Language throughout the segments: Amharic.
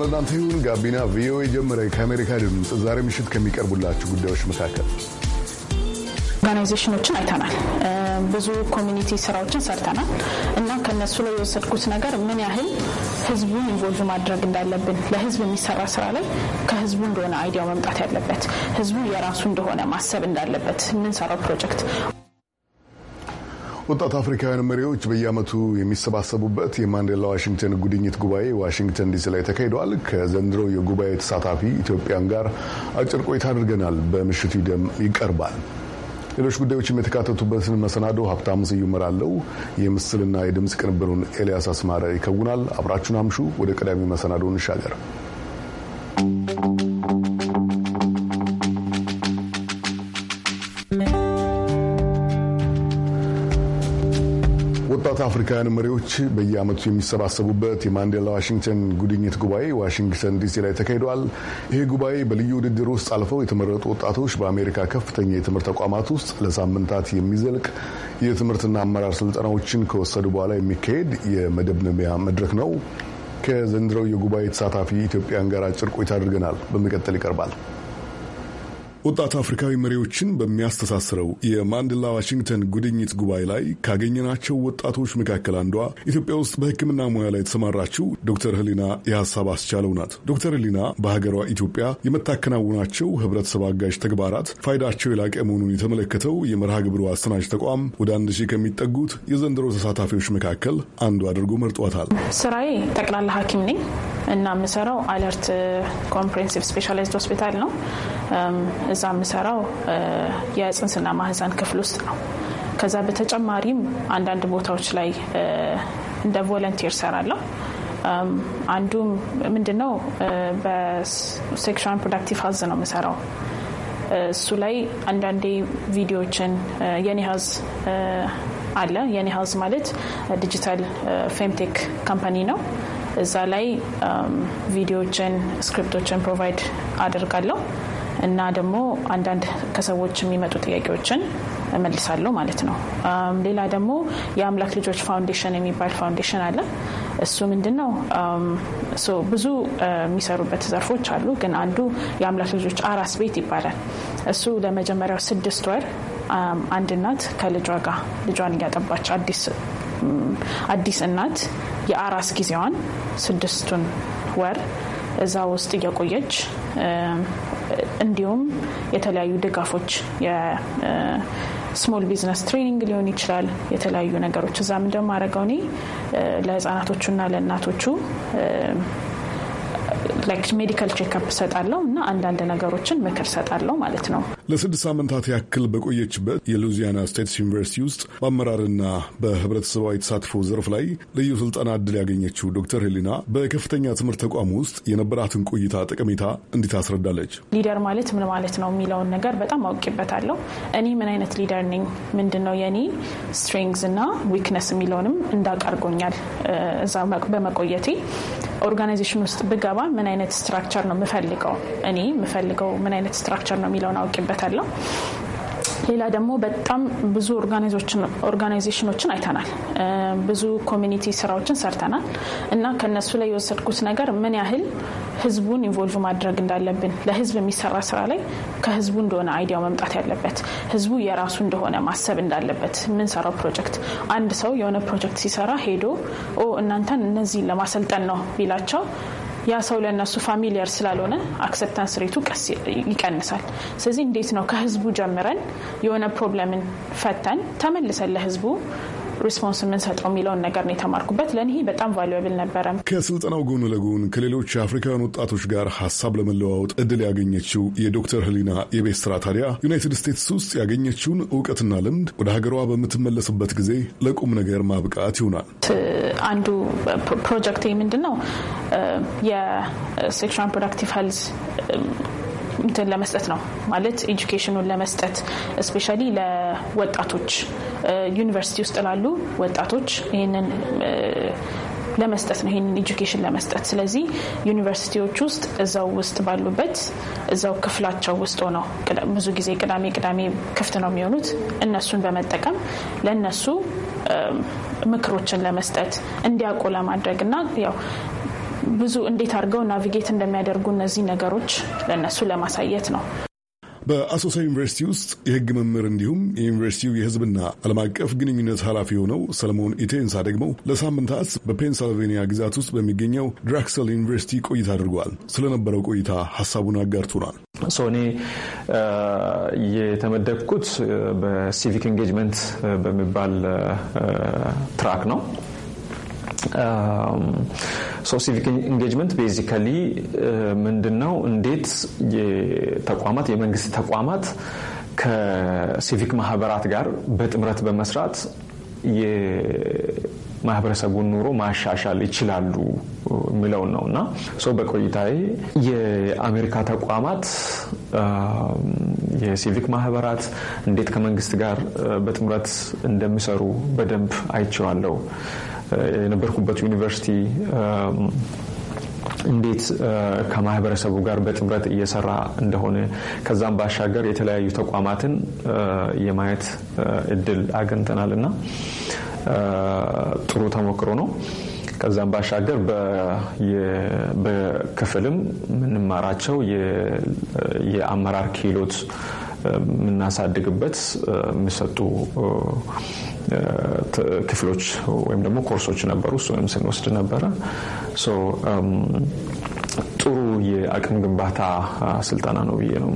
ለእናንተ ይሁን። ጋቢና ቪኦኤ ጀመረ። ከአሜሪካ ድምፅ ዛሬ ምሽት ከሚቀርቡላችሁ ጉዳዮች መካከል ኦርጋናይዜሽኖችን አይተናል። ብዙ ኮሚኒቲ ስራዎችን ሰርተናል እና ከነሱ ላይ የወሰድኩት ነገር ምን ያህል ህዝቡን ኢንቮልቭ ማድረግ እንዳለብን ለህዝብ የሚሰራ ስራ ላይ ከህዝቡ እንደሆነ አይዲያው መምጣት ያለበት ህዝቡ የራሱ እንደሆነ ማሰብ እንዳለበት የምንሰራው ፕሮጀክት ወጣት አፍሪካውያን መሪዎች በየዓመቱ የሚሰባሰቡበት የማንዴላ ዋሽንግተን ጉድኝት ጉባኤ ዋሽንግተን ዲሲ ላይ ተካሂደዋል። ከዘንድሮ የጉባኤ ተሳታፊ ኢትዮጵያን ጋር አጭር ቆይታ አድርገናል። በምሽቱ ደም ይቀርባል። ሌሎች ጉዳዮችም የተካተቱበትን መሰናዶ ሀብታሙ ስዩም አለው። የምስልና የድምፅ ቅንብሩን ኤልያስ አስማረ ይከውናል። አብራችሁን አምሹ። ወደ ቀዳሚ መሰናዶ እንሻገር። አፍሪካውያን መሪዎች በየዓመቱ የሚሰባሰቡበት የማንዴላ ዋሽንግተን ጉድኝት ጉባኤ ዋሽንግተን ዲሲ ላይ ተካሂደዋል። ይህ ጉባኤ በልዩ ውድድር ውስጥ አልፈው የተመረጡ ወጣቶች በአሜሪካ ከፍተኛ የትምህርት ተቋማት ውስጥ ለሳምንታት የሚዘልቅ የትምህርትና አመራር ስልጠናዎችን ከወሰዱ በኋላ የሚካሄድ የመደምደሚያ መድረክ ነው። ከዘንድሮው የጉባኤ ተሳታፊ ኢትዮጵያን ጋር አጭር ቆይታ አድርገናል። በመቀጠል ይቀርባል። ወጣት አፍሪካዊ መሪዎችን በሚያስተሳስረው የማንዴላ ዋሽንግተን ጉድኝት ጉባኤ ላይ ካገኘናቸው ወጣቶች መካከል አንዷ ኢትዮጵያ ውስጥ በሕክምና ሙያ ላይ የተሰማራችው ዶክተር ህሊና የሀሳብ አስቻለው ናት። ዶክተር ህሊና በሀገሯ ኢትዮጵያ የምታከናውናቸው ህብረተሰብ አጋዥ ተግባራት ፋይዳቸው የላቀ መሆኑን የተመለከተው የመርሃ ግብሩ አሰናጅ ተቋም ወደ አንድ ሺህ ከሚጠጉት የዘንድሮ ተሳታፊዎች መካከል አንዱ አድርጎ መርጧታል። ስራዬ ጠቅላላ ሐኪም ነኝ እና የምሰራው አለርት ኮምፕሬንሲቭ ስፔሻላይዝድ ሆስፒታል ነው እዛ የምሰራው የጽንስና ማህፀን ክፍል ውስጥ ነው። ከዛ በተጨማሪም አንዳንድ ቦታዎች ላይ እንደ ቮለንቲር ሰራለሁ። አንዱም ምንድነው በሴክሹዋል ፕሮዳክቲቭ ሀዝ ነው የምሰራው። እሱ ላይ አንዳንዴ ቪዲዮዎችን የኔ ሀዝ አለ። የኔ ሀዝ ማለት ዲጂታል ፌምቴክ ካምፓኒ ነው። እዛ ላይ ቪዲዮዎችን፣ ስክሪፕቶችን ፕሮቫይድ አደርጋለሁ። እና ደግሞ አንዳንድ ከሰዎች የሚመጡ ጥያቄዎችን እመልሳለሁ ማለት ነው። ሌላ ደግሞ የአምላክ ልጆች ፋውንዴሽን የሚባል ፋውንዴሽን አለ። እሱ ምንድን ነው? ብዙ የሚሰሩበት ዘርፎች አሉ፣ ግን አንዱ የአምላክ ልጆች አራስ ቤት ይባላል። እሱ ለመጀመሪያው ስድስት ወር አንድ እናት ከልጇ ጋር ልጇን እያጠባች አዲስ እናት የአራስ ጊዜዋን ስድስቱን ወር እዛ ውስጥ እየቆየች እንዲሁም የተለያዩ ድጋፎች ስሞል ቢዝነስ ትሬኒንግ ሊሆን ይችላል። የተለያዩ ነገሮች እዛ ምንድ ማድረገው እኔ ለህጻናቶቹና ለእናቶቹ ላይክ ሜዲካል ቼክአፕ ሰጣለው እና አንዳንድ ነገሮችን ምክር ሰጣለው ማለት ነው። ለስድስት ሳምንታት ያክል በቆየችበት የሉዚያና ስቴትስ ዩኒቨርሲቲ ውስጥ በአመራርና በህብረተሰባዊ ተሳትፎ ዘርፍ ላይ ልዩ ስልጠና እድል ያገኘችው ዶክተር ሄሊና በከፍተኛ ትምህርት ተቋም ውስጥ የነበራትን ቆይታ ጠቀሜታ እንዲት አስረዳለች። ሊደር ማለት ምን ማለት ነው የሚለውን ነገር በጣም አውቂበታለሁ። እኔ ምን አይነት ሊደር ነኝ፣ ምንድን ነው የኔ ስትሪንግስ እና ዊክነስ የሚለውንም እንዳቀርጎኛል እዛ በመቆየቴ ኦርጋናይዜሽን ውስጥ ብገባ ምን አይነት ስትራክቸር ነው የምፈልገው እኔ የምፈልገው ምን አይነት ስትራክቸር ነው የሚለውን አውቂበታለሁ። ሌላ ደግሞ በጣም ብዙ ኦርጋናይዜሽኖችን አይተናል። ብዙ ኮሚኒቲ ስራዎችን ሰርተናል እና ከነሱ ላይ የወሰድኩት ነገር ምን ያህል ህዝቡን ኢንቮልቭ ማድረግ እንዳለብን ለህዝብ የሚሰራ ስራ ላይ ከህዝቡ እንደሆነ አይዲያው መምጣት ያለበት ህዝቡ የራሱ እንደሆነ ማሰብ እንዳለበት የምንሰራው ፕሮጀክት አንድ ሰው የሆነ ፕሮጀክት ሲሰራ ሄዶ ኦ እናንተን እነዚህን ለማሰልጠን ነው ቢላቸው ያ ሰው ለእነሱ ፋሚሊየር ስላልሆነ አክሰፕታንስ ሬቱ ቀስ ይቀንሳል። ስለዚህ እንዴት ነው ከህዝቡ ጀምረን የሆነ ፕሮብለምን ፈተን ተመልሰን ለህዝቡ ሪስፖንስ የምንሰጠው የሚለውን ነገር ነው የተማርኩበት። ለእኔ በጣም ቫሉብል ነበረ። ከስልጠናው ጎን ለጎን ከሌሎች የአፍሪካውያን ወጣቶች ጋር ሀሳብ ለመለዋወጥ እድል ያገኘችው የዶክተር ህሊና የቤት ስራ ታዲያ ዩናይትድ ስቴትስ ውስጥ ያገኘችውን እውቀትና ልምድ ወደ ሀገሯ በምትመለስበት ጊዜ ለቁም ነገር ማብቃት ይሆናል። አንዱ ፕሮጀክት ምንድን ነው የሴክሹዋል ፕሮዳክቲቭ ሄልዝ እንትን ለመስጠት ነው ማለት ኤጁኬሽኑን ለመስጠት እስፔሻሊ ለወጣቶች ዩኒቨርሲቲ ውስጥ ላሉ ወጣቶች ይህንን ለመስጠት ነው ይህንን ኤጁኬሽን ለመስጠት። ስለዚህ ዩኒቨርሲቲዎች ውስጥ እዛው ውስጥ ባሉበት እዛው ክፍላቸው ውስጥ ሆነው ብዙ ጊዜ ቅዳሜ ቅዳሜ ክፍት ነው የሚሆኑት እነሱን በመጠቀም ለእነሱ ምክሮችን ለመስጠት እንዲያውቁ ለማድረግ እና ያው ብዙ እንዴት አድርገው ናቪጌት እንደሚያደርጉ እነዚህ ነገሮች ለእነሱ ለማሳየት ነው። በአሶሳ ዩኒቨርሲቲ ውስጥ የህግ መምህር እንዲሁም የዩኒቨርሲቲው የህዝብና ዓለም አቀፍ ግንኙነት ኃላፊ የሆነው ሰለሞን ኢቴንሳ ደግሞ ለሳምንታት በፔንሳልቬኒያ ግዛት ውስጥ በሚገኘው ድራክሰል ዩኒቨርሲቲ ቆይታ አድርጓል። ስለነበረው ቆይታ ሀሳቡን አጋርቶናል። እኔ uh, የተመደብኩት uh, በሲቪክ ኢንጌጅመንት uh, በሚባል ትራክ ነው። ሶ ሲቪክ ኢንጌጅመንት ቤዚካሊ ነው እንዴት የተቋማት የመንግስት ተቋማት ከሲቪክ ማህበራት ጋር በጥምረት በመስራት የማህበረሰቡን ኑሮ ማሻሻል ይችላሉ የሚለውን ነው እና በቆይታዬ የአሜሪካ ተቋማት um, የሲቪክ ማህበራት እንዴት ከመንግስት ጋር በጥምረት እንደሚሰሩ በደንብ አይቼዋለሁ። የነበርኩበት ዩኒቨርሲቲ እንዴት ከማህበረሰቡ ጋር በጥምረት እየሰራ እንደሆነ ከዛም ባሻገር የተለያዩ ተቋማትን የማየት እድል አግኝተናል እና ጥሩ ተሞክሮ ነው። ከዛም ባሻገር በክፍልም የምንማራቸው የአመራር ክህሎት የምናሳድግበት የሚሰጡ ክፍሎች ወይም ደግሞ ኮርሶች ነበሩ። ወይም ስንወስድ ነበረ። ጥሩ የአቅም ግንባታ ስልጠና ነው ብዬ ነው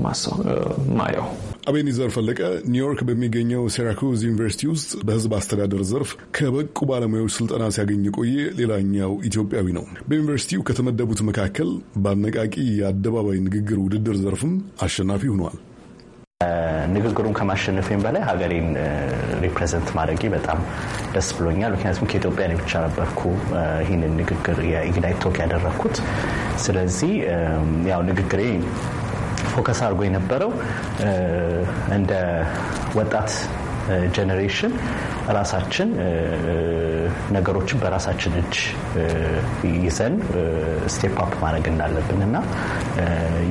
ማየው። አቤኒዘር ፈለቀ ኒውዮርክ በሚገኘው ሴራኩዝ ዩኒቨርሲቲ ውስጥ በሕዝብ አስተዳደር ዘርፍ ከበቁ ባለሙያዎች ስልጠና ሲያገኝ የቆየ ሌላኛው ኢትዮጵያዊ ነው። በዩኒቨርሲቲው ከተመደቡት መካከል በአነቃቂ የአደባባይ ንግግር ውድድር ዘርፍም አሸናፊ ሆኗል። ንግግሩን ከማሸነፌም በላይ ሀገሬን ሪፕሬዘንት ማድረጌ በጣም ደስ ብሎኛል። ምክንያቱም ከኢትዮጵያ ብቻ ነበርኩ ይህንን ንግግር የኢግናይት ቶክ ያደረግኩት። ስለዚህ ያው ንግግሬ ፎከስ አድርጎ የነበረው እንደ ወጣት ጀኔሬሽን ራሳችን ነገሮችን በራሳችን እጅ ይዘን ስቴፕ አፕ ማድረግ እንዳለብን እና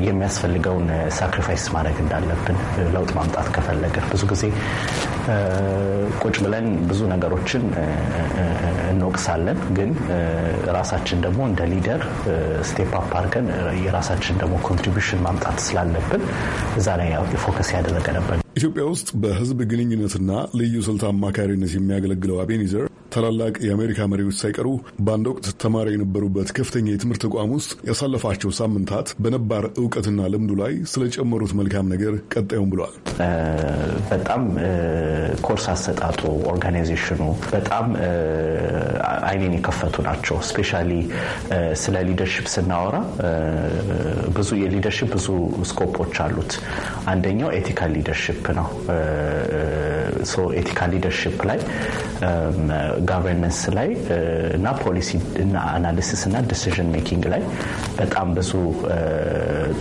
የሚያስፈልገውን ሳክሪፋይስ ማድረግ እንዳለብን ለውጥ ማምጣት ከፈለግን ብዙ ጊዜ ቁጭ ብለን ብዙ ነገሮችን እንወቅሳለን። ግን ራሳችን ደግሞ እንደ ሊደር ስቴፕ አፕ አድርገን የራሳችን ደግሞ ኮንትሪቢሽን ማምጣት ስላለብን እዛ ላይ ፎከስ ያደረገ ነበር። ኢትዮጵያ ውስጥ በህዝብ ግንኙነትና ልዩ ስልት አማካሪነት የሚያገለግለው አቤኒዘር ታላላቅ የአሜሪካ መሪዎች ሳይቀሩ በአንድ ወቅት ተማሪ የነበሩበት ከፍተኛ የትምህርት ተቋም ውስጥ ያሳለፋቸው ሳምንታት በነባር እውቀትና ልምዱ ላይ ስለጨመሩት መልካም ነገር ቀጣዩም ብሏል። በጣም ኮርስ አሰጣጡ፣ ኦርጋናይዜሽኑ በጣም አይኔን የከፈቱ ናቸው። ስፔሻሊ ስለ ሊደርሽፕ ስናወራ ብዙ የሊደርሽፕ ብዙ ስኮፖች አሉት። አንደኛው ኤቲካል ሊደርሽፕ ነው። ኤቲካል ሊደርሽፕ ላይ ጋቨርነንስ ላይ እና ፖሊሲ አናሊሲስ እና ዲሲዥን ሜኪንግ ላይ በጣም ብዙ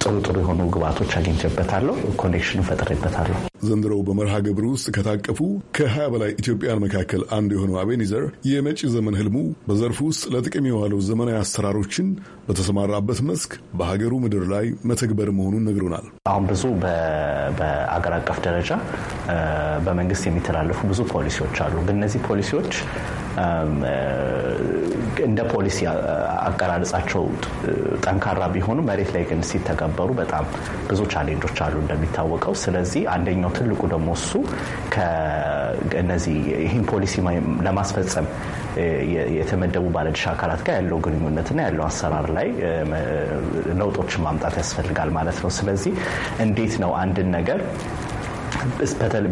ጥሩ ጥሩ የሆኑ ግብዓቶች አግኝቼበታለሁ። ኮኔክሽን ፈጥሬበታለሁ። ዘንድሮው በመርሃ ግብር ውስጥ ከታቀፉ ከ20 በላይ ኢትዮጵያን መካከል አንዱ የሆነው አቤኒዘር የመጪ ዘመን ህልሙ በዘርፉ ውስጥ ለጥቅም የዋለው ዘመናዊ አሰራሮችን በተሰማራበት መስክ በሀገሩ ምድር ላይ መተግበር መሆኑን ነግሮናል። አሁን ብዙ በአገር አቀፍ ደረጃ በመንግስት የሚተላለፉ ብዙ ፖሊሲዎች አሉ። ግን እነዚህ ፖሊሲዎች እንደ ፖሊሲ አቀራረጻቸው ጠንካራ ቢሆኑ መሬት ላይ ግን ሲተገበሩ በጣም ብዙ ቻሌንጆች አሉ እንደሚታወቀው። ስለዚህ አንደኛው ትልቁ ደግሞ እሱ እነዚህ ይህን ፖሊሲ ለማስፈጸም የተመደቡ ባለድርሻ አካላት ጋር ያለው ግንኙነትና ያለው አሰራር ላይ ለውጦችን ማምጣት ያስፈልጋል ማለት ነው። ስለዚህ እንዴት ነው አንድን ነገር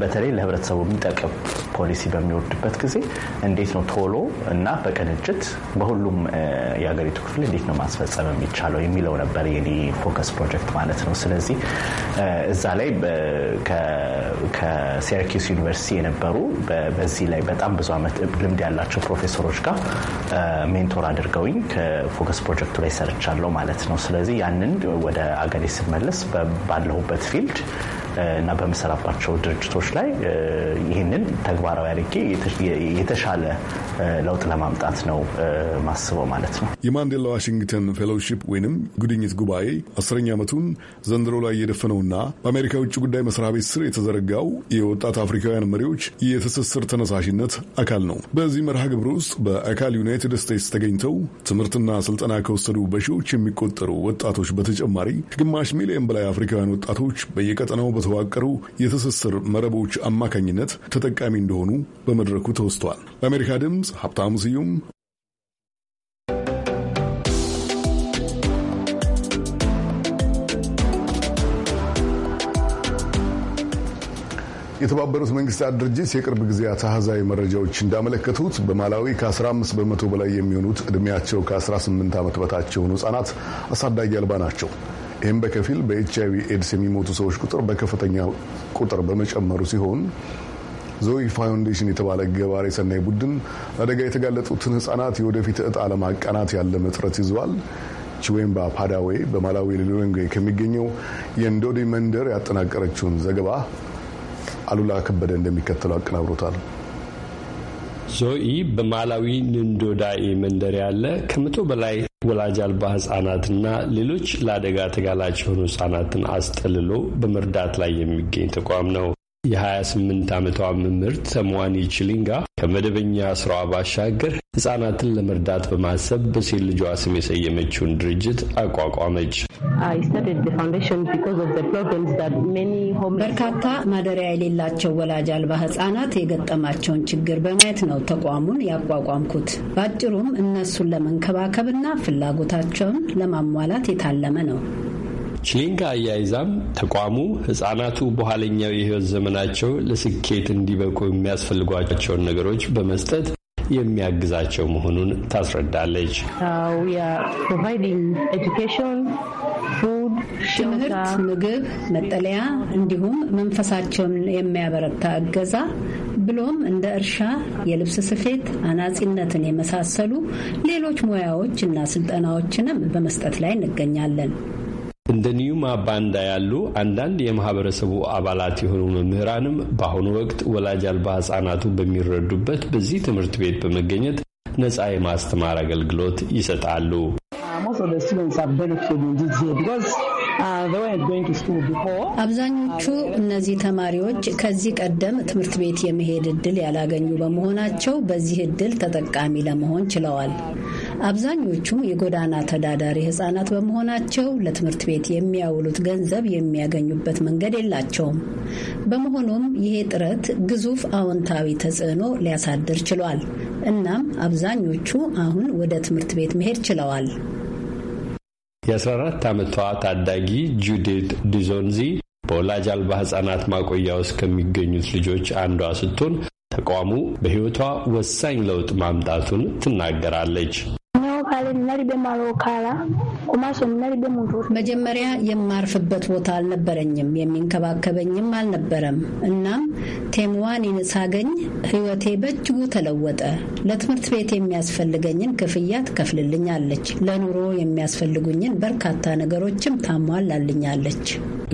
በተለይ ለህብረተሰቡ የሚጠቅም ፖሊሲ በሚወርድበት ጊዜ እንዴት ነው ቶሎ እና በቅንጅት በሁሉም የሀገሪቱ ክፍል እንዴት ነው ማስፈጸም የሚቻለው የሚለው ነበር የኔ ፎከስ ፕሮጀክት ማለት ነው። ስለዚህ እዛ ላይ ከሴርኪስ ዩኒቨርሲቲ የነበሩ በዚህ ላይ በጣም ብዙ ዓመት ልምድ ያላቸው ፕሮፌሰሮች ጋር ሜንቶር አድርገውኝ ከፎከስ ፕሮጀክቱ ላይ ሰርቻለሁ ማለት ነው። ስለዚህ ያንን ወደ አገሬ ስመለስ ባለሁበት ፊልድ እና በምሰራባቸው ድርጅቶች ላይ ይህንን ተግባራዊ አድርጌ የተሻለ ለውጥ ለማምጣት ነው ማስበው ማለት ነው። የማንዴላ ዋሽንግተን ፌሎውሺፕ ወይንም ጉድኝት ጉባኤ አስረኛ ዓመቱን ዘንድሮ ላይ የደፈነውና በአሜሪካ የውጭ ጉዳይ መስሪያ ቤት ስር የተዘረጋው የወጣት አፍሪካውያን መሪዎች የትስስር ተነሳሽነት አካል ነው። በዚህ መርሃ ግብር ውስጥ በአካል ዩናይትድ ስቴትስ ተገኝተው ትምህርትና ስልጠና ከወሰዱ በሺዎች የሚቆጠሩ ወጣቶች በተጨማሪ ከግማሽ ሚሊዮን በላይ አፍሪካውያን ወጣቶች በየቀጠናው በተዋቀሩ የትስስር መረቦች አማካኝነት ተጠቃሚ እንደሆኑ በመድረኩ ተወስተዋል። ለአሜሪካ ድምፅ ሀብታሙ ስዩም የተባበሩት መንግስታት ድርጅት የቅርብ ጊዜያት አሃዛዊ መረጃዎች እንዳመለከቱት በማላዊ ከ15 በመቶ በላይ የሚሆኑት ዕድሜያቸው ከ18 ዓመት በታች የሆኑ ህጻናት አሳዳጊ አልባ ናቸው። ይህም በከፊል በኤች አይቪ ኤድስ የሚሞቱ ሰዎች ቁጥር በከፍተኛ ቁጥር በመጨመሩ ሲሆን ዞይ ፋውንዴሽን የተባለ ገባሬ ሰናይ ቡድን አደጋ የተጋለጡትን ህጻናት የወደፊት እጣ ለማቃናት ያለ መጥረት ይዘዋል። ቺዌምባ ፓዳዌ በማላዊ ሊሎንጌ ከሚገኘው የእንዶዲ መንደር ያጠናቀረችውን ዘገባ አሉላ ከበደ እንደሚከተለው አቀናብሮታል። ዞኢ በማላዊ ንንዶዳኢ መንደር ያለ ከመቶ በላይ ወላጅ አልባ ህጻናትና ሌሎች ለአደጋ ተጋላጭ የሆኑ ህጻናትን አስጠልሎ በመርዳት ላይ የሚገኝ ተቋም ነው። የ28 ዓመቷ መምህርት ሰምዋኒ ቺሊንጋ ከመደበኛ ስራዋ ባሻገር ህጻናትን ለመርዳት በማሰብ በሴት ልጇ ስም የሰየመችውን ድርጅት አቋቋመች። በርካታ ማደሪያ የሌላቸው ወላጅ አልባ ህጻናት የገጠማቸውን ችግር በማየት ነው ተቋሙን ያቋቋምኩት። በአጭሩም እነሱን ለመንከባከብና ፍላጎታቸውን ለማሟላት የታለመ ነው። ችሊንጋ አያይዛም ተቋሙ ህጻናቱ በኋለኛው የህይወት ዘመናቸው ለስኬት እንዲበቁ የሚያስፈልጓቸውን ነገሮች በመስጠት የሚያግዛቸው መሆኑን ታስረዳለች። ትምህርት፣ ምግብ፣ መጠለያ እንዲሁም መንፈሳቸውን የሚያበረታ እገዛ ብሎም እንደ እርሻ፣ የልብስ ስፌት፣ አናጺነትን የመሳሰሉ ሌሎች ሙያዎች እና ስልጠናዎችንም በመስጠት ላይ እንገኛለን። እንደ ኒዩማ ባንዳ ያሉ አንዳንድ የማህበረሰቡ አባላት የሆኑ መምህራንም በአሁኑ ወቅት ወላጅ አልባ ህጻናቱ በሚረዱበት በዚህ ትምህርት ቤት በመገኘት ነጻ የማስተማር አገልግሎት ይሰጣሉ። አብዛኞቹ እነዚህ ተማሪዎች ከዚህ ቀደም ትምህርት ቤት የመሄድ እድል ያላገኙ በመሆናቸው በዚህ እድል ተጠቃሚ ለመሆን ችለዋል። አብዛኞቹ የጎዳና ተዳዳሪ ህጻናት በመሆናቸው ለትምህርት ቤት የሚያውሉት ገንዘብ የሚያገኙበት መንገድ የላቸውም። በመሆኑም ይሄ ጥረት ግዙፍ አዎንታዊ ተጽዕኖ ሊያሳድር ችሏል። እናም አብዛኞቹ አሁን ወደ ትምህርት ቤት መሄድ ችለዋል። የ14 ዓመቷ ታዳጊ ጁዲት ዲዞንዚ በወላጅ አልባ ህጻናት ማቆያ ውስጥ ከሚገኙት ልጆች አንዷ ስትሆን ተቋሙ በሕይወቷ ወሳኝ ለውጥ ማምጣቱን ትናገራለች። መጀመሪያ የማርፍበት ቦታ አልነበረኝም፣ የሚንከባከበኝም አልነበረም። እናም ቴምዋኒን ሳገኝ ህይወቴ በእጅጉ ተለወጠ። ለትምህርት ቤት የሚያስፈልገኝን ክፍያ ትከፍልልኛለች። ለኑሮ የሚያስፈልጉኝን በርካታ ነገሮችም ታሟላልኛለች።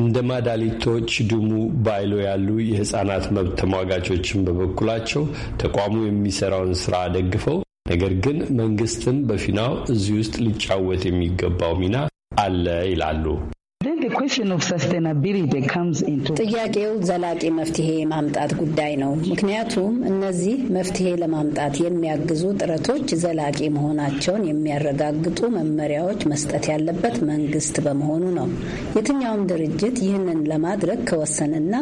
እንደ ማዳሊቶች ድሙ ባይሎ ያሉ የህጻናት መብት ተሟጋቾችን በበኩላቸው ተቋሙ የሚሰራውን ስራ ደግፈው ነገር ግን መንግስትም በፊናው እዚህ ውስጥ ሊጫወት የሚገባው ሚና አለ ይላሉ። ጥያቄው ዘላቂ መፍትሄ የማምጣት ጉዳይ ነው። ምክንያቱም እነዚህ መፍትሄ ለማምጣት የሚያግዙ ጥረቶች ዘላቂ መሆናቸውን የሚያረጋግጡ መመሪያዎች መስጠት ያለበት መንግስት በመሆኑ ነው። የትኛውም ድርጅት ይህንን ለማድረግ ከወሰንና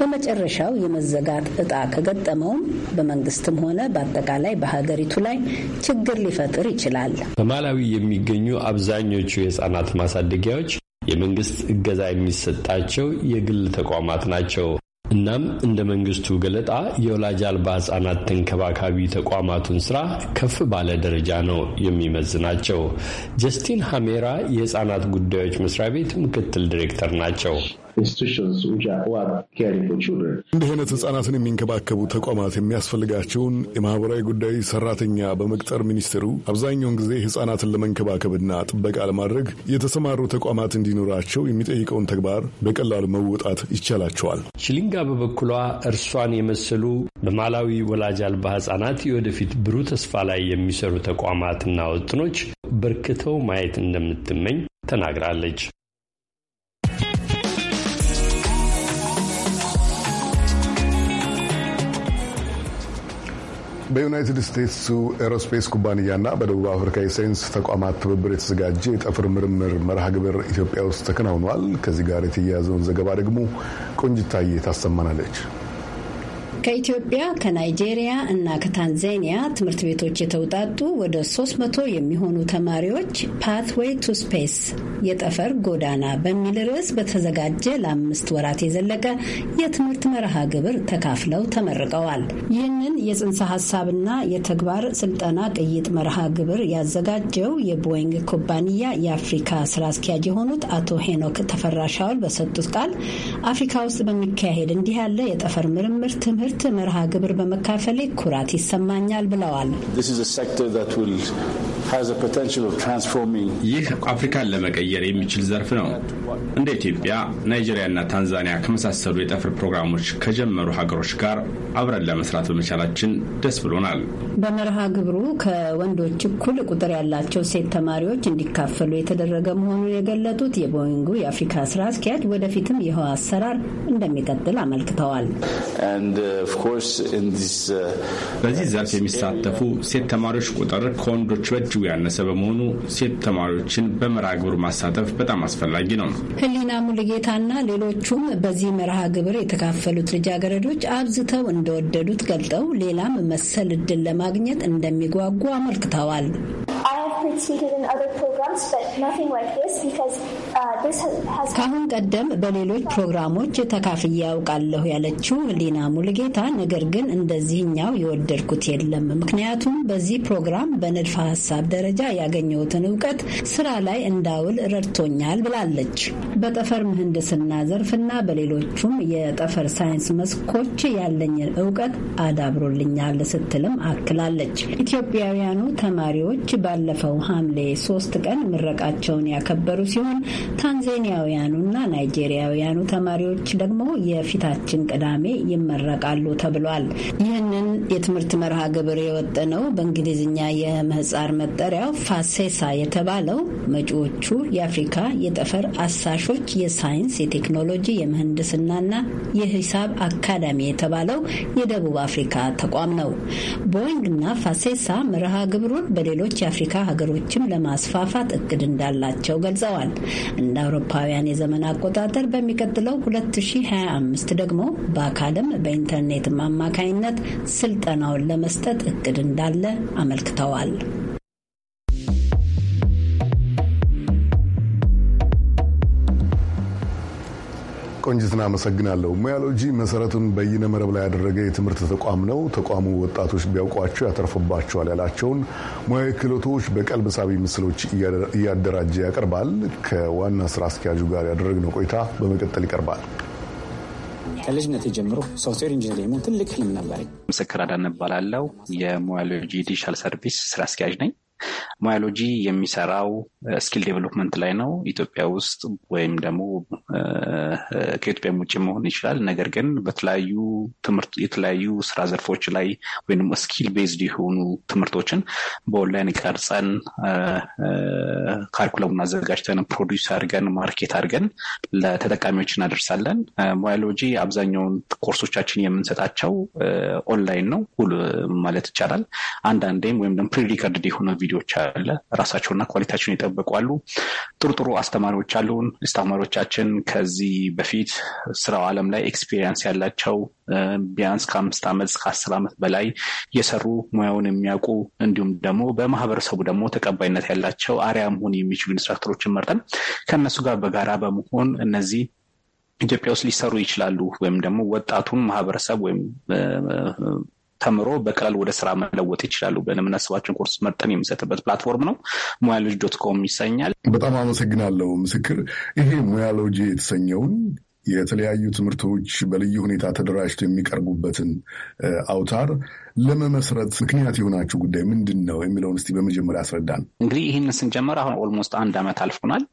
በመጨረሻው የመዘጋት እጣ ከገጠመውም በመንግስትም ሆነ በአጠቃላይ በሀገሪቱ ላይ ችግር ሊፈጥር ይችላል። በማላዊ የሚገኙ አብዛኞቹ የህጻናት ማሳደጊያዎች የመንግስት እገዛ የሚሰጣቸው የግል ተቋማት ናቸው። እናም እንደ መንግስቱ ገለጣ የወላጅ አልባ ህጻናት ተንከባካቢ ተቋማቱን ስራ ከፍ ባለ ደረጃ ነው የሚመዝናቸው። ጀስቲን ሀሜራ የህጻናት ጉዳዮች መስሪያ ቤት ምክትል ዲሬክተር ናቸው። እንዲህ አይነት ህጻናትን የሚንከባከቡ ተቋማት የሚያስፈልጋቸውን የማህበራዊ ጉዳይ ሰራተኛ በመቅጠር ሚኒስትሩ አብዛኛውን ጊዜ ህጻናትን ለመንከባከብና ጥበቃ ለማድረግ የተሰማሩ ተቋማት እንዲኖራቸው የሚጠይቀውን ተግባር በቀላሉ መወጣት ይቻላቸዋል። ሽሊንጋ በበኩሏ እርሷን የመሰሉ በማላዊ ወላጅ አልባ ህጻናት የወደፊት ብሩህ ተስፋ ላይ የሚሰሩ ተቋማትና ወጥኖች በርክተው ማየት እንደምትመኝ ተናግራለች። በዩናይትድ ስቴትሱ ኤሮስፔስ ኩባንያና በደቡብ አፍሪካ የሳይንስ ተቋማት ትብብር የተዘጋጀ የጠፍር ምርምር መርሃ ግብር ኢትዮጵያ ውስጥ ተከናውኗል። ከዚህ ጋር የተያያዘውን ዘገባ ደግሞ ቆንጅታዬ ታሰማናለች። ከኢትዮጵያ ከናይጄሪያ እና ከታንዛኒያ ትምህርት ቤቶች የተውጣጡ ወደ 300 የሚሆኑ ተማሪዎች ፓትዌይ ቱ ስፔስ የጠፈር ጎዳና በሚል ርዕስ በተዘጋጀ ለአምስት ወራት የዘለቀ የትምህርት መርሃ ግብር ተካፍለው ተመርቀዋል። ይህንን የጽንሰ ሀሳብና የተግባር ስልጠና ቅይጥ መርሃ ግብር ያዘጋጀው የቦይንግ ኩባንያ የአፍሪካ ስራ አስኪያጅ የሆኑት አቶ ሄኖክ ተፈራሻውል በሰጡት ቃል አፍሪካ ውስጥ በሚካሄድ እንዲህ ያለ የጠፈር ምርምር ትምህርት የትምህርት መርሃ ግብር በመካፈሌ ኩራት ይሰማኛል ብለዋል። ይህ አፍሪካን ለመቀየር የሚችል ዘርፍ ነው። እንደ ኢትዮጵያ፣ ናይጄሪያና ታንዛኒያ ከመሳሰሉ የጠፍር ፕሮግራሞች ከጀመሩ ሀገሮች ጋር አብረን ለመስራት በመቻላችን ደስ ብሎናል። በመርሃ ግብሩ ከወንዶች እኩል ቁጥር ያላቸው ሴት ተማሪዎች እንዲካፈሉ የተደረገ መሆኑን የገለጡት የቦይንጉ የአፍሪካ ስራ አስኪያጅ ወደፊትም ይኸው አሰራር እንደሚቀጥል አመልክተዋል። uh, uh, በዚህ ዘርፍ የሚሳተፉ ሴት ተማሪዎች ቁጥር ከወንዶች በእጅ ያነሰ በመሆኑ ሴት ተማሪዎችን በመርሃ ግብር ማሳተፍ በጣም አስፈላጊ ነው። ህሊና ሙልጌታና ሌሎቹም በዚህ መርሃ ግብር የተካፈሉት ልጃገረዶች አብዝተው እንደወደዱት ገልጠው ሌላም መሰል እድል ለማግኘት እንደሚጓጉ አመልክተዋል። Uh, ከአሁን ቀደም በሌሎች ፕሮግራሞች ተካፍዬ ያውቃለሁ ያለችው ህሊና ሙልጌታ፣ ነገር ግን እንደዚህኛው የወደድኩት የለም። ምክንያቱም በዚህ ፕሮግራም በንድፈ ሀሳብ ደረጃ ያገኘሁትን እውቀት ስራ ላይ እንዳውል ረድቶኛል ብላለች። በጠፈር ምህንድስና ዘርፍና በሌሎቹም የጠፈር ሳይንስ መስኮች ያለኝን እውቀት አዳብሮልኛል ስትልም አክላለች። ኢትዮጵያውያኑ ተማሪዎች ባለፈው ሐምሌ ሶስት ቀን ምረቃቸውን ያከበሩ ሲሆን ታንዛኒያውያኑና ናይጄሪያውያኑ ተማሪዎች ደግሞ የፊታችን ቅዳሜ ይመረቃሉ ተብሏል። ይህንን የትምህርት መርሃ ግብር የወጠነው በእንግሊዝኛ የምህጻር መጠሪያው ፋሴሳ የተባለው መጪዎቹ የአፍሪካ የጠፈር አሳሾች የሳይንስ፣ የቴክኖሎጂ፣ የምህንድስናና የሂሳብ አካዳሚ የተባለው የደቡብ አፍሪካ ተቋም ነው። ቦይንግና ፋሴሳ መርሃ ግብሩን በሌሎች የአፍሪካ ሀገሮች ሀገሮችም ለማስፋፋት እቅድ እንዳላቸው ገልጸዋል። እንደ አውሮፓውያን የዘመን አቆጣጠር በሚቀጥለው 2025 ደግሞ በአካልም በኢንተርኔትም አማካኝነት ስልጠናውን ለመስጠት እቅድ እንዳለ አመልክተዋል። ቆንጅትን አመሰግናለሁ። ሙያሎጂ መሰረቱን በይነ መረብ ላይ ያደረገ የትምህርት ተቋም ነው። ተቋሙ ወጣቶች ቢያውቋቸው ያተርፍባቸዋል ያላቸውን ሙያዊ ክህሎቶች በቀልብ ሳቢ ምስሎች እያደራጀ ያቀርባል። ከዋና ስራ አስኪያጁ ጋር ያደረግነው ቆይታ በመቀጠል ይቀርባል። ከልጅነት ጀምሮ ሶፍትዌር ኢንጂነር የመሆን ትልቅ ህልም ነበረኝ። ምስክር አዳነ እባላለሁ። የሙያሎጂ ዲጂታል ሰርቪስ ስራ አስኪያጅ ነኝ። ማዮሎጂ የሚሰራው ስኪል uh, ዴቨሎፕመንት ላይ ነው። ኢትዮጵያ ውስጥ ወይም ደግሞ uh, ከኢትዮጵያ ውጭ መሆን ይችላል። ነገር ግን በተለያዩ ትምህርት የተለያዩ ስራ ዘርፎች ላይ ወይም ስኪል ቤዝድ የሆኑ ትምህርቶችን በኦንላይን ቀርጸን ካሪኩለሙን uh, አዘጋጅተን ፕሮዲስ አድርገን ማርኬት አድርገን ለተጠቃሚዎች እናደርሳለን። ማዮሎጂ አብዛኛውን ኮርሶቻችን የምንሰጣቸው ኦንላይን ነው ሁሉ ማለት ይቻላል። አንዳንዴም ወይም ደግሞ ፕሪሪከርድ የሆነ ቪዲዮዎች አለ። ራሳቸውና ኳሊቲያቸውን የጠበቁ አሉ። ጥሩ ጥሩ አስተማሪዎች አሉን። አስተማሪዎቻችን ከዚህ በፊት ስራው አለም ላይ ኤክስፔሪየንስ ያላቸው ቢያንስ ከአምስት ዓመት እስከ አስር ዓመት በላይ የሰሩ ሙያውን የሚያውቁ እንዲሁም ደግሞ በማህበረሰቡ ደግሞ ተቀባይነት ያላቸው አሪያ መሆን የሚችሉ ኢንስትራክተሮችን መርጠን ከእነሱ ጋር በጋራ በመሆን እነዚህ ኢትዮጵያ ውስጥ ሊሰሩ ይችላሉ ወይም ደግሞ ወጣቱን ማህበረሰብ ወይም ተምሮ በቀላል ወደ ስራ መለወጥ ይችላሉ ብለን የምናስባቸውን ኮርስ መርጠን የሚሰጥበት ፕላትፎርም ነው። ሙያ ሎጂ ዶት ኮም ይሰኛል። በጣም አመሰግናለሁ ምስክር። ይሄ ሙያ ሎጂ የተሰኘውን የተለያዩ ትምህርቶች በልዩ ሁኔታ ተደራጅተው የሚቀርቡበትን አውታር ለመመስረት ምክንያት የሆናችሁ ጉዳይ ምንድን ነው የሚለውን እስቲ በመጀመሪያ አስረዳን። እንግዲህ ይህንን ስንጀምር አሁን ኦልሞስት አንድ ዓመት አልፎናል።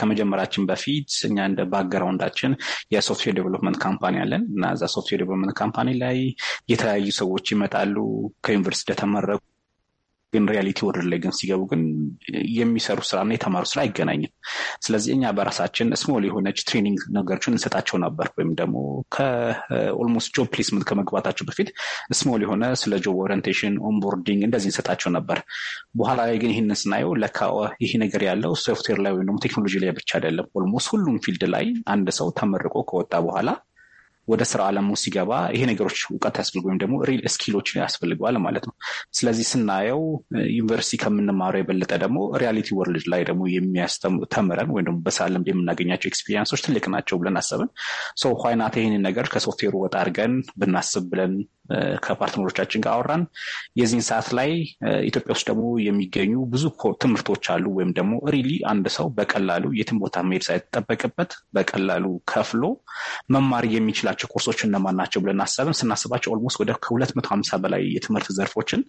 ከመጀመራችን በፊት እኛ እንደ ባክግራውንዳችን የሶፍትዌር ዴቨሎፕመንት ካምፓኒ አለን እና እዛ ሶፍትዌር ዴቨሎፕመንት ካምፓኒ ላይ የተለያዩ ሰዎች ይመጣሉ ከዩኒቨርሲቲ እንደተመረቁ ግን ሪያሊቲ ወርልድ ላይ ግን ሲገቡ ግን የሚሰሩ ስራና የተማሩ ስራ አይገናኝም። ስለዚህ እኛ በራሳችን ስሞል የሆነች ትሬኒንግ ነገሮችን እንሰጣቸው ነበር። ወይም ደግሞ ከኦልሞስት ጆብ ፕሌስመንት ከመግባታቸው በፊት ስሞል የሆነ ስለ ጆብ ኦሪንቴሽን፣ ኦንቦርዲንግ እንደዚህ እንሰጣቸው ነበር። በኋላ ላይ ግን ይህንን ስናየው ለካ ይሄ ነገር ያለው ሶፍትዌር ላይ ወይም ደግሞ ቴክኖሎጂ ላይ ብቻ አይደለም። ኦልሞስት ሁሉም ፊልድ ላይ አንድ ሰው ተመርቆ ከወጣ በኋላ ወደ ስራ ዓለም ውስጥ ሲገባ ይሄ ነገሮች እውቀት ያስፈልግ ወይም ደግሞ ሪል ስኪሎች ያስፈልገዋል ማለት ነው። ስለዚህ ስናየው ዩኒቨርሲቲ ከምንማረው የበለጠ ደግሞ ሪያሊቲ ወርልድ ላይ ደግሞ የሚያስተምረን ወይም ደግሞ በስራ ልምድ የምናገኛቸው ኤክስፒሪየንሶች ትልቅ ናቸው ብለን አሰብን። ሶ ይህንን ነገር ከሶፍትዌሩ ወጣ አድርገን ብናስብ ብለን ከፓርትነሮቻችን ጋር አወራን። የዚህን ሰዓት ላይ ኢትዮጵያ ውስጥ ደግሞ የሚገኙ ብዙ ትምህርቶች አሉ። ወይም ደግሞ ሪሊ አንድ ሰው በቀላሉ የትም ቦታ መሄድ ሳይጠበቅበት በቀላሉ ከፍሎ መማር የሚችላቸው ኮርሶች እነማን ናቸው ብለን አሰብን። ስናስባቸው ኦልሞስት ወደ ከሁለት መቶ ሀምሳ በላይ የትምህርት ዘርፎችን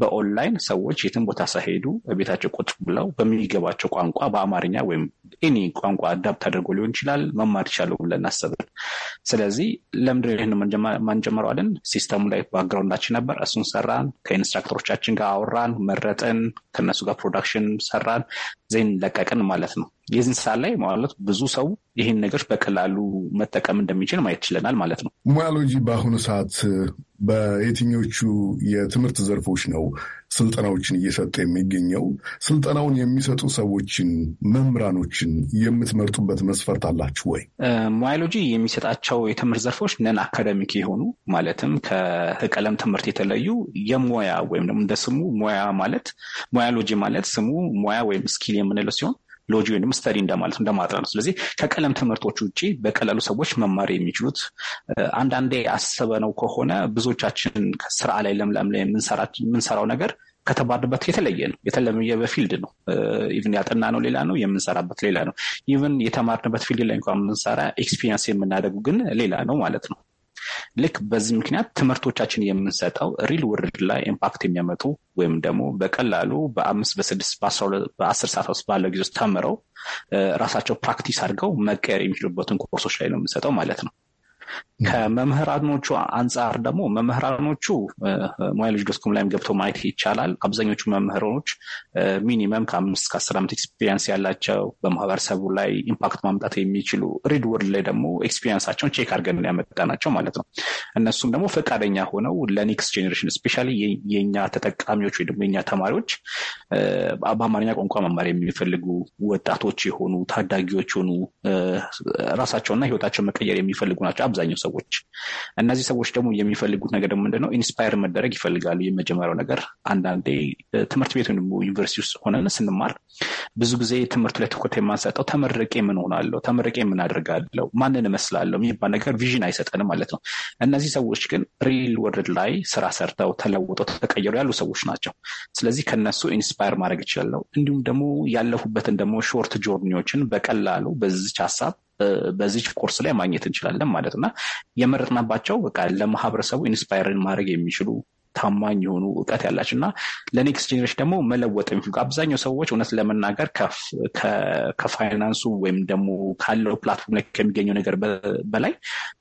በኦንላይን ሰዎች የትም ቦታ ሳይሄዱ ቤታቸው ቁጭ ብለው በሚገባቸው ቋንቋ በአማርኛ ወይም ኤኒ ቋንቋ አዳፕት አድርጎ ሊሆን ይችላል መማር ይቻሉ ብለን አሰብን። ስለዚህ ለምድ ይህን ማንጀመረዋለን ሲስተሙ ሁሉም ላይ ባክግራውንዳችን ነበር። እሱን ሰራን። ከኢንስትራክተሮቻችን ጋር አወራን፣ መረጥን፣ ከነሱ ጋር ፕሮዳክሽን ሰራን፣ ዜን ለቀቅን ማለት ነው። የዚህን ሰዓት ላይ ማለት ብዙ ሰው ይህን ነገሮች በቀላሉ መጠቀም እንደሚችል ማየት ችለናል ማለት ነው። ሙያሎጂ በአሁኑ ሰዓት በየትኞቹ የትምህርት ዘርፎች ነው ስልጠናዎችን እየሰጠ የሚገኘው? ስልጠናውን የሚሰጡ ሰዎችን፣ መምህራኖችን የምትመርጡበት መስፈርት አላችሁ ወይ? ማይሎጂ የሚሰጣቸው የትምህርት ዘርፎች ነን አካደሚክ የሆኑ ማለትም ከቀለም ትምህርት የተለዩ የሙያ ወይም ደግሞ እንደ ስሙ ማለት ሞያሎጂ ማለት ስሙ ሙያ ወይም ስኪል የምንለው ሲሆን ሎጂ ወይም ስተዲ እንደማለት እንደማጥናት ነው። ስለዚህ ከቀለም ትምህርቶች ውጭ በቀላሉ ሰዎች መማር የሚችሉት አንዳንዴ ነው ከሆነ ብዙዎቻችን ስራ ላይ ለምለም ላይ የምንሰራው ነገር ከተማርንበት የተለየ ነው። የተለየ በፊልድ ነው። ኢቭን ያጠና ነው ሌላ ነው፣ የምንሰራበት ሌላ ነው። ኢቭን የተማርንበት ፊልድ ላይ እንኳ የምንሰራ ኤክስፒሪንስ የምናደጉ ግን ሌላ ነው ማለት ነው። ልክ በዚህ ምክንያት ትምህርቶቻችን የምንሰጠው ሪል ውርድ ላይ ኢምፓክት የሚያመጡ ወይም ደግሞ በቀላሉ በአምስት በስድስት በአስር ሰዓት ውስጥ ባለው ጊዜ ውስጥ ተምረው ራሳቸው ፕራክቲስ አድርገው መቀየር የሚችሉበትን ኮርሶች ላይ ነው የምንሰጠው ማለት ነው። ከመምህራኖቹ አንጻር ደግሞ መምህራኖቹ ሙያ ልጅ ገስኩም ላይም ገብተው ማየት ይቻላል። አብዛኞቹ መምህራኖች ሚኒመም ከአምስት ከአስር ዓመት ኤክስፒሪየንስ ያላቸው በማህበረሰቡ ላይ ኢምፓክት ማምጣት የሚችሉ ሪድ ወርድ ላይ ደግሞ ኤክስፒሪየንሳቸውን ቼክ አድርገን ያመጣ ናቸው ማለት ነው። እነሱም ደግሞ ፈቃደኛ ሆነው ለኔክስት ጄኔሬሽን እስፔሻሊ የኛ ተጠቃሚዎች ወይ ደግሞ የኛ ተማሪዎች በአማርኛ ቋንቋ መማር የሚፈልጉ ወጣቶች የሆኑ ታዳጊዎች የሆኑ ራሳቸውና ህይወታቸውን መቀየር የሚፈልጉ ናቸው። አብዛኛው ሰዎች። እነዚህ ሰዎች ደግሞ የሚፈልጉት ነገር ደግሞ ምንድነው? ኢንስፓየር መደረግ ይፈልጋሉ። የመጀመሪያው ነገር አንዳንዴ ትምህርት ቤት ወይም ዩኒቨርሲቲ ውስጥ ሆነን ስንማር ብዙ ጊዜ ትምህርቱ ላይ ትኩረት የማንሰጠው ተመረቄ ምን ሆናለሁ፣ ተመረቄ ምን አድርጋለሁ፣ ማንን እመስላለሁ የሚባል ነገር ቪዥን አይሰጠንም ማለት ነው። እነዚህ ሰዎች ግን ሪል ወርልድ ላይ ስራ ሰርተው ተለውጠው ተቀየሩ ያሉ ሰዎች ናቸው። ስለዚህ ከነሱ ኢንስፓየር ማድረግ ይችላለሁ። እንዲሁም ደግሞ ያለፉበትን ደግሞ ሾርት ጆርኒዎችን በቀላሉ በዚች ሀሳብ በዚች ኮርስ ላይ ማግኘት እንችላለን ማለት እና የመረጥናባቸው በቃ ለማህበረሰቡ ኢንስፓይርን ማድረግ የሚችሉ ታማኝ የሆኑ እውቀት ያላቸው እና ለኔክስት ጀኔሬሽን ደግሞ መለወጥ የሚፈልጉ አብዛኛው ሰዎች እውነት ለመናገር ከፋይናንሱ ወይም ደግሞ ካለው ፕላትፎርም ላይ ከሚገኘው ነገር በላይ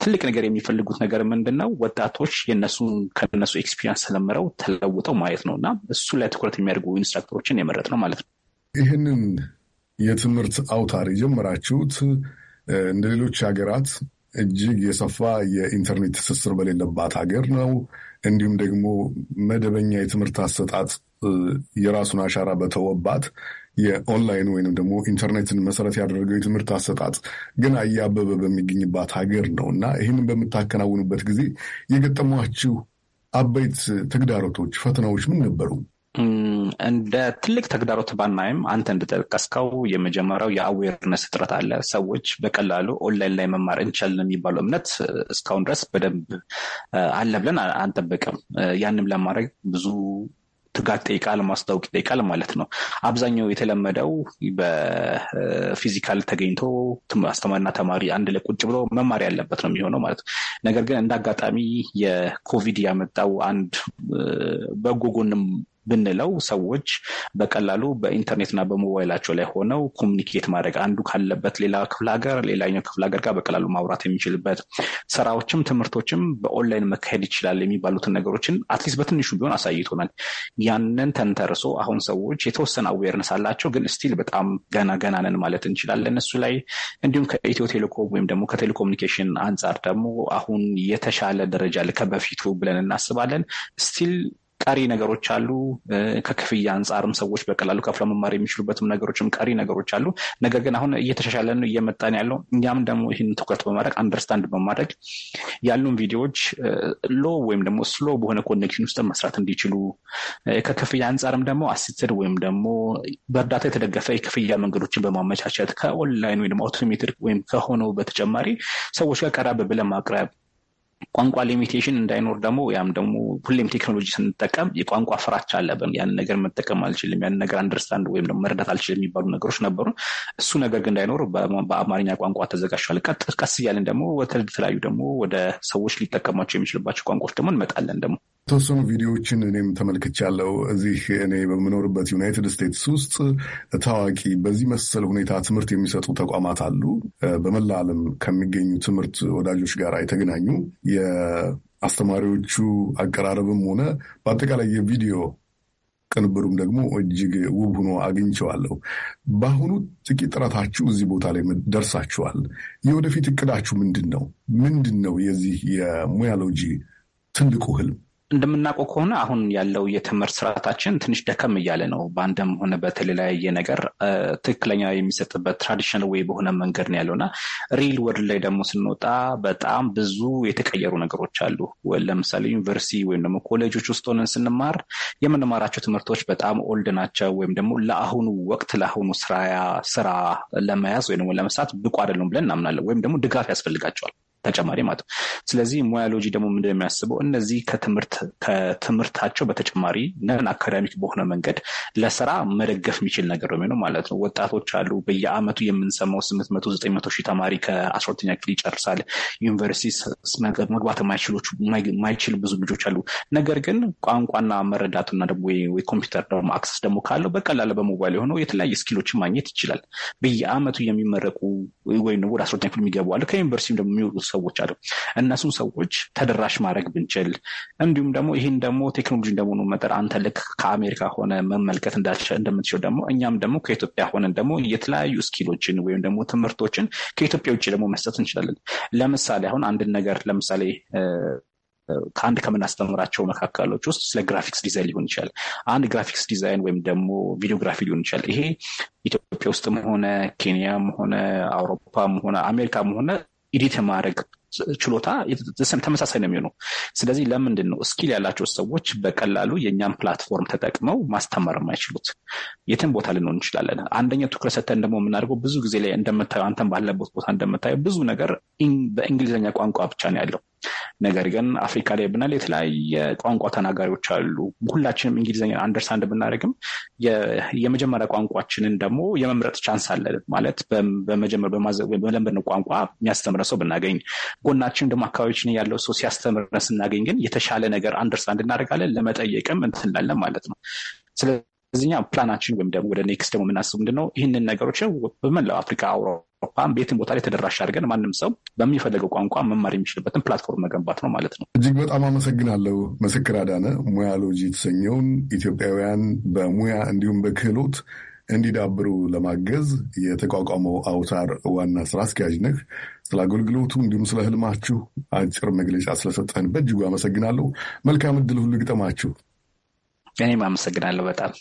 ትልቅ ነገር የሚፈልጉት ነገር ምንድን ነው? ወጣቶች የነሱ ከነሱ ኤክስፒሪንስ ተለምረው ተለውጠው ማለት ነው እና እሱ ላይ ትኩረት የሚያደርጉ ኢንስትራክተሮችን የመረጥ ነው ማለት ነው። ይህንን የትምህርት አውታር የጀመራችሁት እንደ ሌሎች ሀገራት እጅግ የሰፋ የኢንተርኔት ትስስር በሌለባት ሀገር ነው። እንዲሁም ደግሞ መደበኛ የትምህርት አሰጣጥ የራሱን አሻራ በተወባት የኦንላይን ወይንም ደግሞ ኢንተርኔትን መሰረት ያደረገው የትምህርት አሰጣጥ ግን እያበበ በሚገኝባት ሀገር ነው እና ይህንን በምታከናውኑበት ጊዜ የገጠሟችሁ አበይት ተግዳሮቶች፣ ፈተናዎች ምን ነበሩ? እንደ ትልቅ ተግዳሮት ባናይም አንተ እንደጠቀስከው የመጀመሪያው የአዌርነስ እጥረት አለ። ሰዎች በቀላሉ ኦንላይን ላይ መማር እንችላለን የሚባለው እምነት እስካሁን ድረስ በደንብ አለ ብለን አንጠብቅም። ያንም ለማድረግ ብዙ ትጋት ይጠይቃል፣ ማስታወቅ ይጠይቃል ማለት ነው። አብዛኛው የተለመደው በፊዚካል ተገኝቶ አስተማሪና ተማሪ አንድ ላይ ቁጭ ብሎ መማር ያለበት ነው የሚሆነው ማለት ነው። ነገር ግን እንደ አጋጣሚ የኮቪድ ያመጣው አንድ በጎ ጎንም ብንለው ሰዎች በቀላሉ በኢንተርኔትና በሞባይላቸው ላይ ሆነው ኮሚኒኬት ማድረግ አንዱ ካለበት ሌላ ክፍለ ሀገር ሌላኛው ክፍለ ሀገር ጋር በቀላሉ ማውራት የሚችልበት ስራዎችም ትምህርቶችም በኦንላይን መካሄድ ይችላል የሚባሉትን ነገሮችን አትሊስት በትንሹ ቢሆን አሳይቶናል። ያንን ተንተርሶ አሁን ሰዎች የተወሰነ አዌርነስ አላቸው፣ ግን ስቲል በጣም ገና ገና ነን ማለት እንችላለን እሱ ላይ እንዲሁም ከኢትዮ ቴሌኮም ወይም ደግሞ ከቴሌኮሙኒኬሽን አንጻር ደግሞ አሁን የተሻለ ደረጃ ከበፊቱ ብለን እናስባለን ስቲል ቀሪ ነገሮች አሉ። ከክፍያ አንጻርም ሰዎች በቀላሉ ከፍለ መማር የሚችሉበትም ነገሮችም ቀሪ ነገሮች አሉ። ነገር ግን አሁን ነው እየመጣን ያለው እኛም ደግሞ ይህን ትኩረት በማድረግ አንደርስታንድ በማድረግ ያሉን ቪዲዮዎች ሎ ወይም ደግሞ ስሎ በሆነ ኮኔክሽን ውስጥ መስራት እንዲችሉ ከክፍያ አንጻርም ደግሞ አሲስትድ ወይም ደግሞ በእርዳታ የተደገፈ የክፍያ መንገዶችን በማመቻቸት ከኦንላይን ወይም አውቶሜትድ ወይም ከሆነው በተጨማሪ ሰዎች ጋር ቀረብ ብለን ማቅረብ ቋንቋ ሊሚቴሽን እንዳይኖር ደግሞ ያም ደግሞ ሁሌም ቴክኖሎጂ ስንጠቀም የቋንቋ ፍራቻ አለብን። ያንን ነገር መጠቀም አልችልም፣ ያን ነገር አንደርስታንድ ወይም ደግሞ መረዳት አልችልም የሚባሉ ነገሮች ነበሩ። እሱ ነገር ግን እንዳይኖር በአማርኛ ቋንቋ ተዘጋጅቷል። ቀስ እያለን ደግሞ ወደ ተለያዩ ደግሞ ወደ ሰዎች ሊጠቀሟቸው የሚችልባቸው ቋንቋዎች ደግሞ እንመጣለን ደግሞ የተወሰኑ ቪዲዮዎችን እኔም ተመልክቻለሁ። እዚህ እኔ በምኖርበት ዩናይትድ ስቴትስ ውስጥ ታዋቂ በዚህ መሰል ሁኔታ ትምህርት የሚሰጡ ተቋማት አሉ። በመላ ዓለም ከሚገኙ ትምህርት ወዳጆች ጋር የተገናኙ የአስተማሪዎቹ አቀራረብም ሆነ በአጠቃላይ የቪዲዮ ቅንብሩም ደግሞ እጅግ ውብ ሆኖ አግኝቸዋለሁ። በአሁኑ ጥቂት ጥረታችሁ እዚህ ቦታ ላይ ደርሳችኋል። የወደፊት እቅዳችሁ ምንድን ነው? ምንድን ነው የዚህ የሙያሎጂ ትልቁ ህልም? እንደምናውቀው ከሆነ አሁን ያለው የትምህርት ስርዓታችን ትንሽ ደከም እያለ ነው። በአንድም ሆነ በተለያየ ነገር ትክክለኛ የሚሰጥበት ትራዲሽናል ወይ በሆነ መንገድ ነው ያለውና ሪል ወርድ ላይ ደግሞ ስንወጣ በጣም ብዙ የተቀየሩ ነገሮች አሉ። ለምሳሌ ዩኒቨርሲቲ ወይም ደግሞ ኮሌጆች ውስጥ ሆነን ስንማር የምንማራቸው ትምህርቶች በጣም ኦልድ ናቸው፣ ወይም ደግሞ ለአሁኑ ወቅት ለአሁኑ ስራ ለመያዝ ወይ ደግሞ ለመስራት ብቁ አይደሉም ብለን እናምናለን፣ ወይም ደግሞ ድጋፍ ያስፈልጋቸዋል። ተጨማሪ ማለት ነው። ስለዚህ ሞያሎጂ ደግሞ ምንድን የሚያስበው እነዚህ ከትምህርታቸው በተጨማሪ ነን አካዳሚክ በሆነ መንገድ ለስራ መደገፍ የሚችል ነገር ነው ማለት ነው። ወጣቶች አሉ። በየአመቱ የምንሰማው ስምንት መቶ ዘጠኝ መቶ ሺህ ተማሪ ከአስራ ሁለተኛ ክፍል ይጨርሳል። ዩኒቨርሲቲ መግባት የማይችል ብዙ ልጆች አሉ። ነገር ግን ቋንቋና መረዳቱና ደግሞ ኮምፒውተር ደግሞ አክሰስ ደግሞ ካለው በቀላል በሞባይል የሆነው የተለያየ ስኪሎችን ማግኘት ይችላል። በየአመቱ የሚመረቁ ወይም ወደ አስራ ሁለተኛ ክፍል የሚገቡ አሉ። ከዩኒቨርሲቲ ደግሞ የሚወጡ ሰዎች አሉ። እነሱን ሰዎች ተደራሽ ማድረግ ብንችል እንዲሁም ደግሞ ይህን ደግሞ ቴክኖሎጂ እንደመሆኑ መጠር አንተ ልክ ከአሜሪካ ሆነ መመልከት እንደምትችል ደግሞ እኛም ደግሞ ከኢትዮጵያ ሆነን ደግሞ የተለያዩ ስኪሎችን ወይም ደግሞ ትምህርቶችን ከኢትዮጵያ ውጭ ደግሞ መስጠት እንችላለን። ለምሳሌ አሁን አንድን ነገር ለምሳሌ ከአንድ ከምናስተምራቸው መካከሎች ውስጥ ስለ ግራፊክስ ዲዛይን ሊሆን ይችላል። አንድ ግራፊክስ ዲዛይን ወይም ደግሞ ቪዲዮግራፊ ሊሆን ይችላል። ይሄ ኢትዮጵያ ውስጥም ሆነ ኬንያም ሆነ አውሮፓም ሆነ አሜሪካም ሆነ ኢዲት የማድረግ ችሎታ ተመሳሳይ ነው የሚሆነው። ስለዚህ ለምንድን ነው ስኪል ያላቸው ሰዎች በቀላሉ የእኛን ፕላትፎርም ተጠቅመው ማስተማር የማይችሉት? የትም ቦታ ልንሆን እንችላለን። አንደኛው ትኩረት ሰተን ደግሞ የምናደርገው ብዙ ጊዜ ላይ እንደምታየው አንተን ባለበት ቦታ እንደምታየው ብዙ ነገር በእንግሊዝኛ ቋንቋ ብቻ ነው ያለው። ነገር ግን አፍሪካ ላይ ብናል የተለያየ ቋንቋ ተናጋሪዎች አሉ። ሁላችንም እንግሊዝኛ አንደርስታንድ ብናደርግም የመጀመሪያ ቋንቋችንን ደግሞ የመምረጥ ቻንስ አለን። ማለት በለመድነው ቋንቋ የሚያስተምረ ሰው ብናገኝ፣ ጎናችን ደግሞ አካባቢችን ያለው ሰው ሲያስተምረን ስናገኝ ግን የተሻለ ነገር አንደርስታንድ እናደርጋለን፣ ለመጠየቅም እንትንላለን ማለት ነው። እዚኛ ፕላናችን ወይም ደግሞ ወደ ኔክስት ደግሞ የምናስቡ ምንድነው ይህንን ነገሮች በመላው አፍሪካ፣ አውሮፓ ቤትን ቦታ ላይ ተደራሽ አድርገን ማንም ሰው በሚፈለገው ቋንቋ መማር የሚችልበትን ፕላትፎርም መገንባት ነው ማለት ነው። እጅግ በጣም አመሰግናለሁ። ምስክር አዳነ ሙያ ሎጂ የተሰኘውን ኢትዮጵያውያን በሙያ እንዲሁም በክህሎት እንዲዳብሩ ለማገዝ የተቋቋመው አውታር ዋና ስራ አስኪያጅ ነህ። ስለ አገልግሎቱ እንዲሁም ስለ ህልማችሁ አጭር መግለጫ ስለሰጠን በእጅጉ አመሰግናለሁ። መልካም እድል ሁሉ ይግጠማችሁ። እኔም አመሰግናለሁ በጣም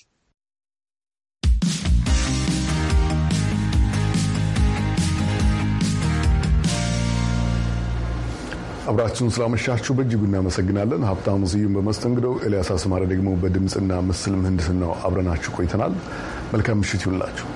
አብራችሁን ስላመሻችሁ በእጅጉ እናመሰግናለን። ሀብታሙ ስዩም በመስተንግደው፣ ኤልያስ አስማረ ደግሞ በድምፅና ምስል ምህንድስናው አብረናችሁ ቆይተናል። መልካም ምሽት ይሁንላችሁ።